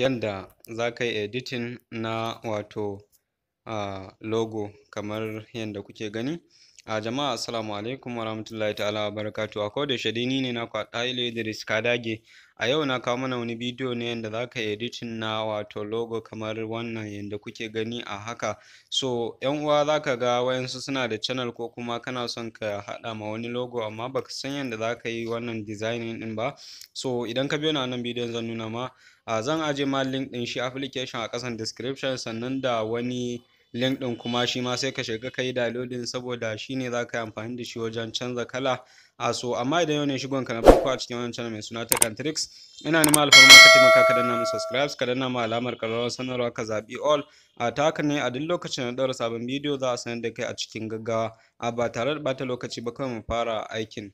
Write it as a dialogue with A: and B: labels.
A: yanda za ka yi editing na wato ah, logo kamar yanda kuke gani a jama'a assalamu alaikum warahmatullahi ta'ala barakatu a koda shadini ne na kwaɗa Idris Kadage a yau na kawo mana wani bidiyo ne yadda za ka editin na wato logo kamar wannan yadda kuke gani a haka so yan uwa za ka ga wayansu suna da channel ko kuma kana son ka haɗa ma wani logo amma baka san yadda za ka yi wannan designing din ba so idan ka biyo na wannan bidiyon zan nuna ma zan aje ma link din shi application a ƙasan description sannan da wani link ɗin kuma shi ma sai ka shiga ka yi downloading saboda shi ne za ka yi amfani da shi wajen canza kala a ah, so amma idan yau ne shigon ka na farko a cikin wannan channel mai suna Tech and Tricks ina neman alfarma ka taimaka ka danna mu subscribe ka danna mu alamar kallon sanarwa ka zaɓi all a ah, ta haka ne a duk lokacin da ɗaura sabon bidiyo za a sanar da kai a cikin gaggawa a ah, ba tare da bata lokaci ba kawai mu fara aikin.